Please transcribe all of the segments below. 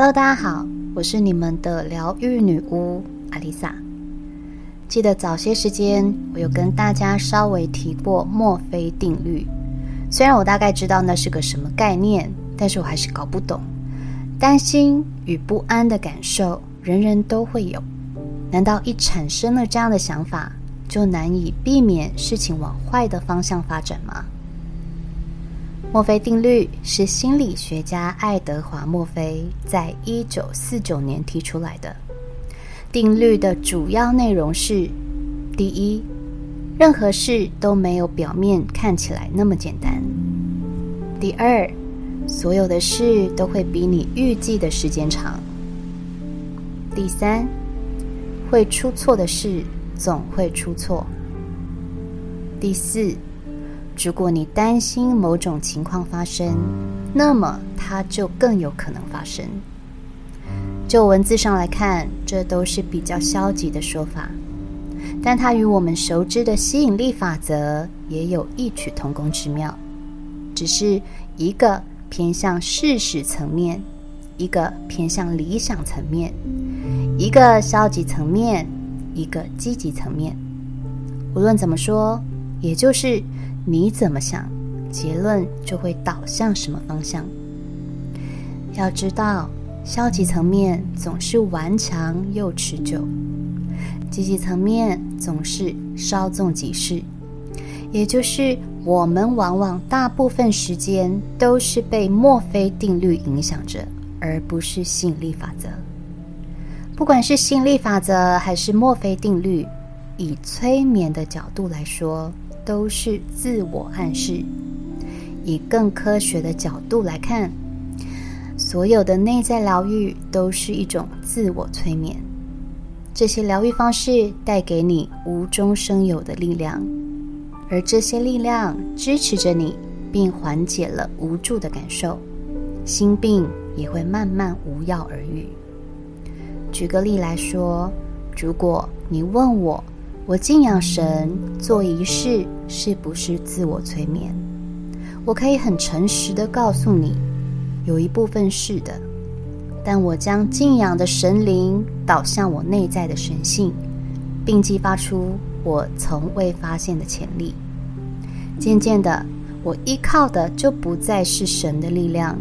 Hello，大家好，我是你們的療癒女巫阿麗薩。記得早些時間，我有跟大家稍微提過墨菲定律。雖然我大概知道那是個什麼概念，但是我還是搞不懂。擔心與不安的感受，人人都會有。難道一產生了這樣的想法，就難以避免事情往壞的方向發展嗎？墨菲定律是心理學家愛德華·墨菲在1949年提出來的。定律的主要內容是：第一，任何事都沒有表面看起來那麼簡單；第二，所有的事都會比你預計的時間長；第三，會出錯的事總會出錯；第四。如果你擔心某種情況發生，那麼它就更有可能發生。就文字上來看，這都是比較消極的說法，但它與我們熟知的吸引力法則也有異曲同工之妙，只是一個偏向事實層面，一個偏向理想層面，一個消極層面，一個積極層面。無論怎麼說，也就是。你怎麼想，結論就會導向什麼方向。要知道，消極層面總是頑強又持久，積極層面總是稍縱即逝。也就是，我們往往大部分時間都是被墨菲定律影響着，而不是吸引力法則。不管是吸引力法則還是墨菲定律，以催眠的角度來說。都是自我暗示。以更科學的角度來看，所有的內在療癒都是一種自我催眠。這些療癒方式帶給你無中生有的力量，而這些力量支持着你，並緩解了無助的感受，心病也會慢慢無藥而愈。舉個例來說，如果你問我，我敬仰神做儀式，是不是自我催眠？我可以很誠實的告訴你，有一部分是的。但我將敬仰的神靈導向我內在的神性，並激發出我從未發現的潛力。漸漸的，我依靠的就不再是神的力量，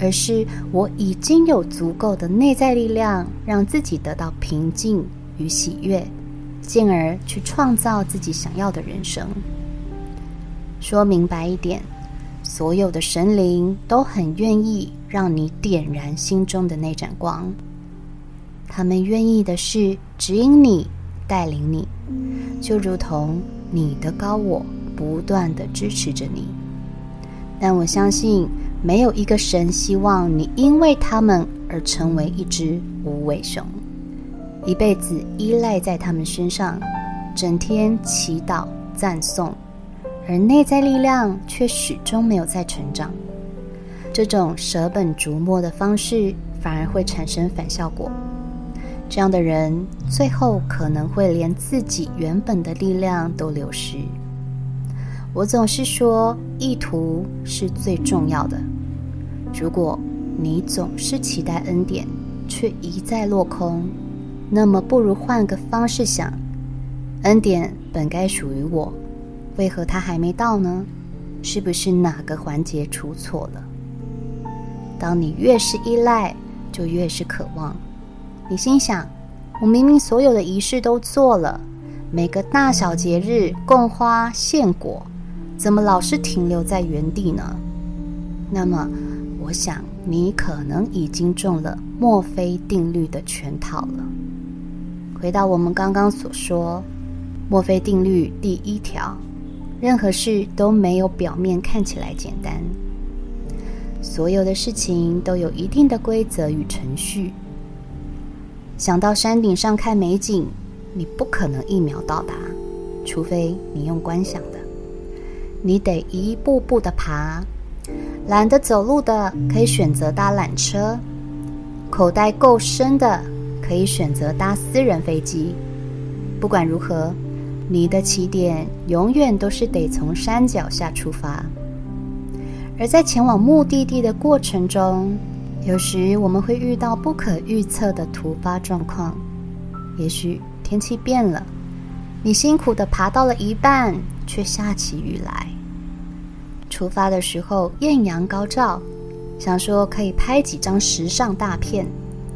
而是我已經有足夠的內在力量，讓自己得到平靜與喜悅。進而去創造自己想要的人生。說明白一點，所有的神靈都很願意讓你點燃心中的那盞光，他們願意的是指引你、帶領你，就如同你的高我不斷的支持着你。但我相信，沒有一個神希望你因為他們而成為一隻無尾熊。一輩子依賴在他們身上，整天祈禱讚頌，而內在力量卻始終沒有再成長。這種捨本逐末的方式，反而會產生反效果。這樣的人，最後可能會連自己原本的力量都流失。我總是說，意圖是最重要的。如果你總是期待恩典，卻一再落空。那麼，不如換個方式想，恩典本該屬於我，為何它還沒到呢？是不是哪個環節出錯了？當你越是依賴，就越是渴望。你心想，我明明所有的儀式都做了，每個大小節日供花獻果，怎麼老是停留在原地呢？那麼，我想你可能已經中了墨菲定律的圈套了。回到我們剛剛所說，墨菲定律第一條：任何事都沒有表面看起來簡單。所有的事情都有一定的規則與程序。想到山頂上看美景，你不可能一秒到達，除非你用觀想的，你得一步步的爬。懶得走路的可以選擇搭纜車，口袋夠深的，可以選擇搭私人飛機。不管如何，你的起點永遠都是得從山腳下出發。而在前往目的地的過程中，有時我們會遇到不可預測的突發狀況。也許天氣變了，你辛苦地爬到了一半，卻下起雨來。出發的時候豔陽高照，想說可以拍幾張時尚大片，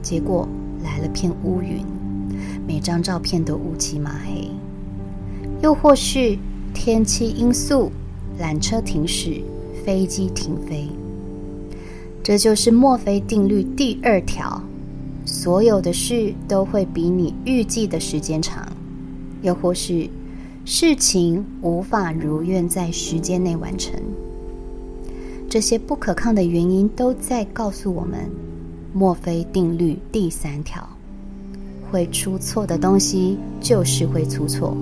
結果。來了片烏雲，每張照片都烏漆麻黑。又或是天氣因素，纜車停駛，飛機停飛。這就是墨菲定律第二條：所有的事都會比你預計的時間長。又或是事情無法如願在時間內完成。這些不可抗的原因都在告訴我們。墨菲定律第三條：會出錯的東西就是會出錯。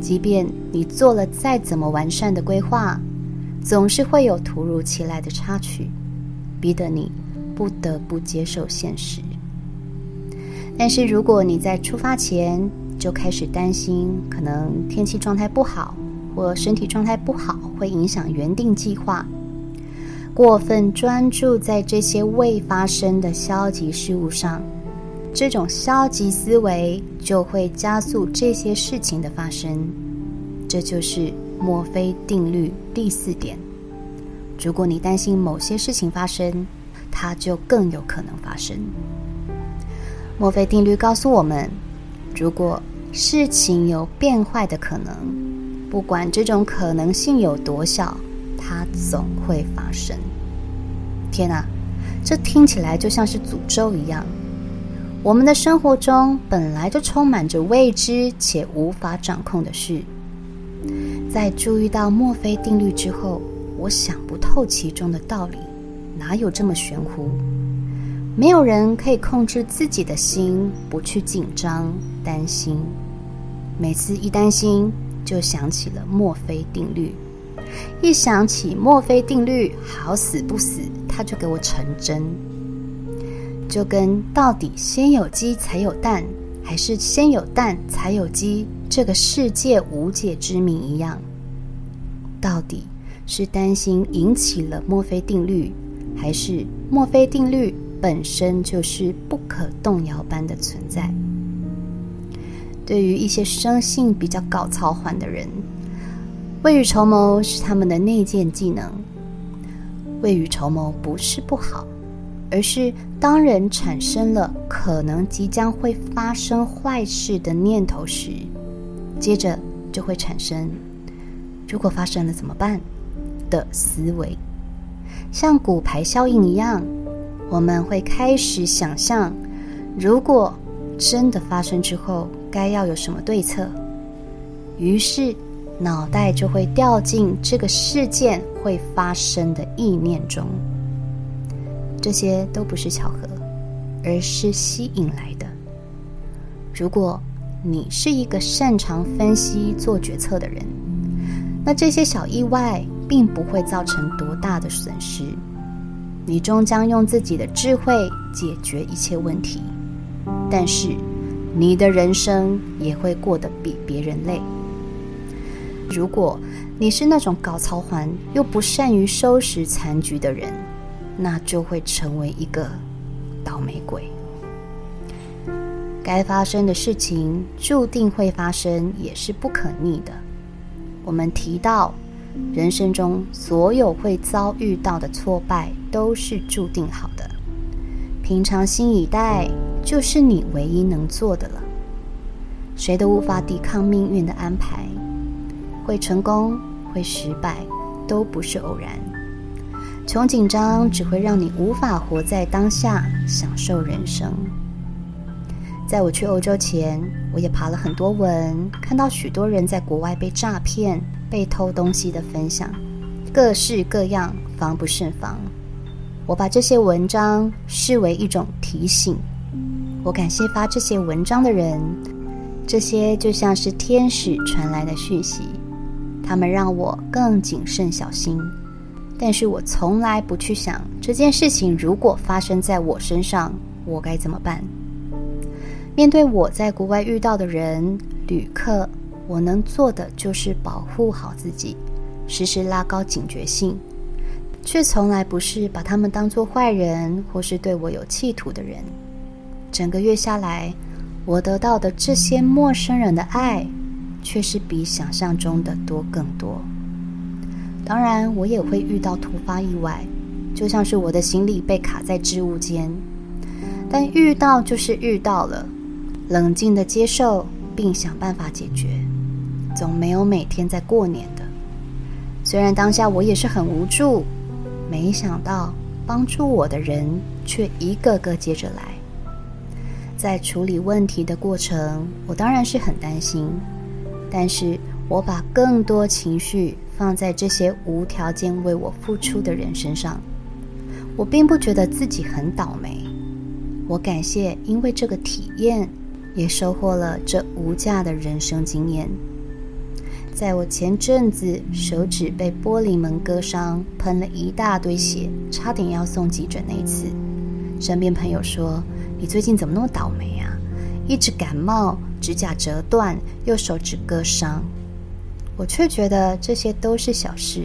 即便你做了再怎麼完善的規劃，總是會有突如其來的插曲，逼得你不得不接受現實。但是如果你在出發前就開始擔心，可能天氣狀態不好或身體狀態不好，會影響原定計劃。過分專注在這些未發生的消極事物上，這種消極思維就會加速這些事情的發生。這就是墨菲定律第四點：如果你擔心某些事情發生，它就更有可能發生。墨菲定律告訴我們，如果事情有變壞的可能，不管這種可能性有多小。它總會發生。天哪，這聽起來就像是詛咒一樣。我們的生活中本來就充滿着未知且無法掌控的事。在注意到墨菲定律之後，我想不透其中的道理，哪有這麼玄乎？沒有人可以控制自己的心，不去緊張、擔心。每次一擔心，就想起了墨菲定律。一想起墨菲定律，好死不死，他就給我成真。就跟到底先有雞才有蛋，還是先有蛋才有雞，這個世界無解之謎一樣。到底是擔心引起了墨菲定律，還是墨菲定律本身就是不可動搖般的存在？對於一些生性比較搞操煩的人。未雨綢繆是他們的內建技能。未雨綢繆不是不好，而是當人產生了可能即將會發生壞事的念頭時，接着就會產生“如果發生了怎麼辦”的思維，像骨牌效應一樣，我們會開始想象如果真的發生之後該要有什麼對策，於是。腦袋就會掉進這個事件會發生的意念中，這些都不是巧合，而是吸引來的。如果你是一個擅長分析、做決策的人，那這些小意外並不會造成多大的損失。你終將用自己的智慧解決一切問題，但是你的人生也會過得比別人累。如果你是那種搞操環又不善於收拾殘局的人，那就會成為一個倒霉鬼。該發生的事情注定會發生，也是不可逆的。我們提到，人生中所有會遭遇到的挫敗都是注定好的。平常心以待，就是你唯一能做的了。誰都無法抵抗命運的安排。會成功，會失敗，都不是偶然。窮緊張只會讓你無法活在當下，享受人生。在我去歐洲前，我也爬了很多文，看到許多人在國外被詐騙、被偷東西的分享，各式各樣，防不勝防。我把這些文章視為一種提醒。我感謝發這些文章的人，這些就像是天使傳來的訊息。他們讓我更謹慎小心，但是我從來不去想這件事情如果發生在我身上，我該怎麼辦？面對我在國外遇到的人、旅客，我能做的就是保護好自己，時時拉高警覺性，卻從來不是把他們當做壞人或是對我有企圖的人。整個月下來，我得到的這些陌生人的愛，卻是比想象中的多更多。當然，我也會遇到突發意外，就像是我的行李被卡在置物間。但遇到就是遇到了，冷靜地接受並想辦法解決，總沒有每天在過年的。雖然當下我也是很無助，沒想到幫助我的人卻一個個接着來。在處理問題的過程，我當然是很擔心。但是，我把更多情緒放在這些無條件為我付出的人身上。我並不覺得自己很倒霉，我感謝，因為這個體驗，也收穫了這無價的人生經驗。在我前陣子手指被玻璃門割傷，噴了一大堆血，差點要送急診那一次，身邊朋友說：“你最近怎麼那麼倒霉啊？”一直感冒、指甲折斷、右手指割傷，我卻覺得這些都是小事，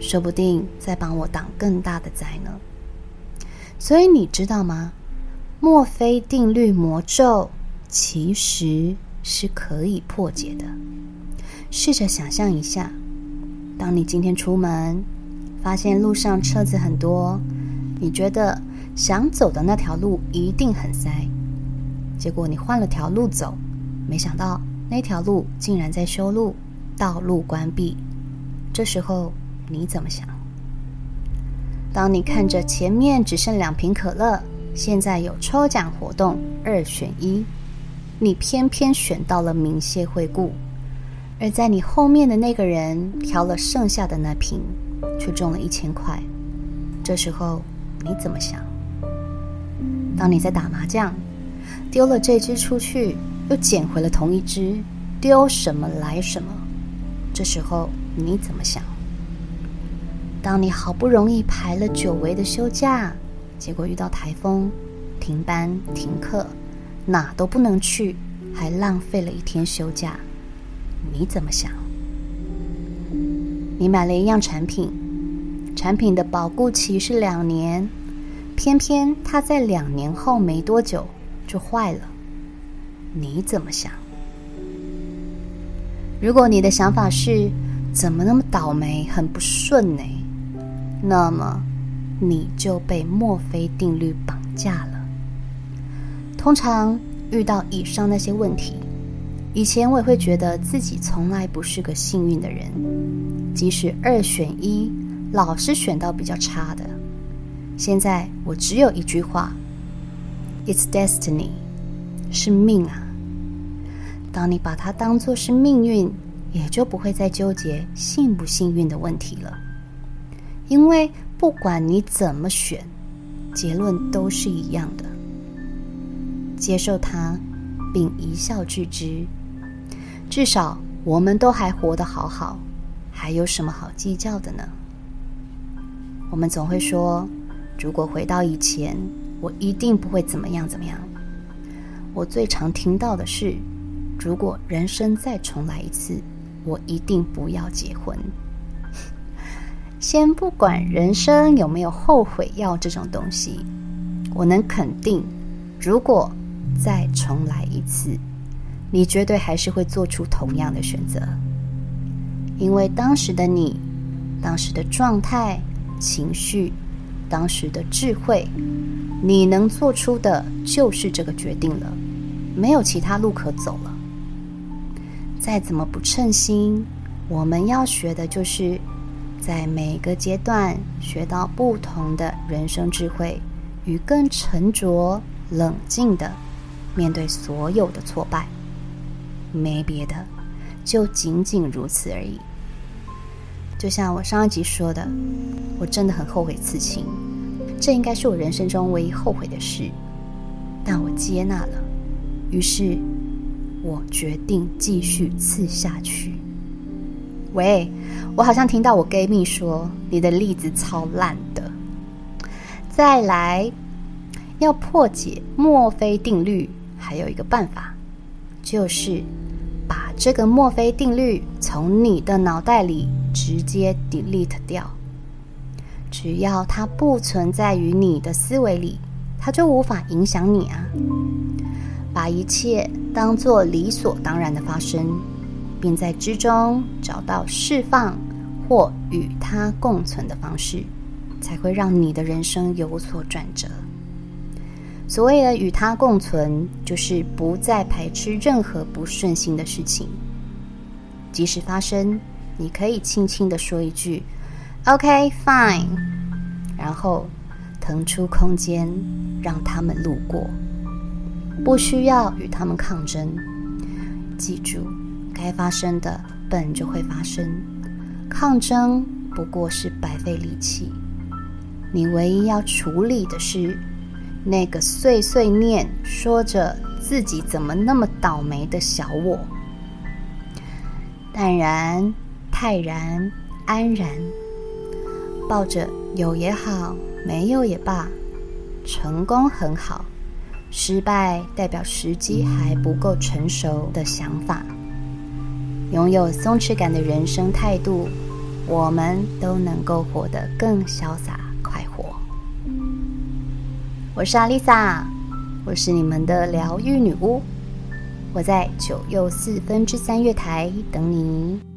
說不定在幫我擋更大的災呢。所以你知道嗎？墨菲定律魔咒其實是可以破解的。試着想象一下，當你今天出門，發現路上車子很多，你覺得想走的那條路一定很塞。結果你換了條路走，沒想到那條路竟然在修路，道路關閉。這時候你怎麼想？當你看着前面只剩兩瓶可樂，現在有抽獎活動，二選一，你偏偏選到了銘謝惠顧，而在你後面的那個人挑了剩下的那瓶，卻中了一千塊。這時候你怎麼想？當你在打麻將。丟了這隻出去，又撿回了同一隻，丟什麼來什麼。這時候你怎麼想？當你好不容易排了久違的休假，結果遇到颱風，停班停課，哪都不能去，還浪費了一天休假，你怎麼想？你買了一樣產品，產品的保固期是兩年，偏偏它在兩年後沒多久。就壞了，你怎麼想？如果你的想法是怎麼那麼倒霉，很不順呢？那麼你就被墨菲定律綁架了。通常遇到以上那些問題，以前我也會覺得自己從來不是個幸運的人，即使二選一，老是選到比較差的。現在我只有一句話。It's destiny，是命啊。當你把它當作是命運，也就不會再糾結幸不幸運的問題了。因為不管你怎麼選，結論都是一樣的。接受它，並一笑置之。至少我們都還活得好好，還有什麼好計較的呢？我們總會說，如果回到以前，我一定不會怎麼樣怎麼樣。我最常聽到的是，如果人生再重來一次，我一定不要結婚。 先不管人生有沒有後悔藥這種東西，我能肯定，如果再重來一次，你絕對還是會做出同樣的選擇，因為當時的你，當時的狀態、情緒、當時的智慧。你能做出的就是這個決定了，沒有其他路可走了。再怎麼不稱心，我們要學的就是在每個階段學到不同的人生智慧，與更沉着冷靜地面對所有的挫敗。沒別的，就僅僅如此而已。就像我上一集說的，我真的很後悔刺青。這應該是我人生中唯一後悔的事，但我接納了。於是，我決定繼續刺下去。喂，我好像聽到我閨蜜說你的例子超爛的。再來，要破解墨菲定律，還有一個辦法，就是把這個墨菲定律從你的腦袋裡直接 delete 掉。只要它不存在於你的思維裡，它就無法影響你啊！把一切當作理所當然的發生，並在之中找到釋放或與它共存的方式，才會讓你的人生有所轉折。所謂的與它共存，就是不再排斥任何不順心的事情，即使發生，你可以輕輕地說一句。OK, fine。然後騰出空間，讓他們路過，不需要與他們抗爭。記住，該發生的本就會發生，抗爭不過是白費力氣。你唯一要處理的是那個碎碎念，說着自己怎麼那麼倒霉的小我。淡然、泰然、安然。抱着有也好，沒有也罷，成功很好，失敗代表時機還不夠成熟的想法。擁有鬆弛感的人生態度，我們都能夠活得更瀟灑快活。我是阿麗莎，我是你們的療癒女巫，我在九又四分之三月台等你。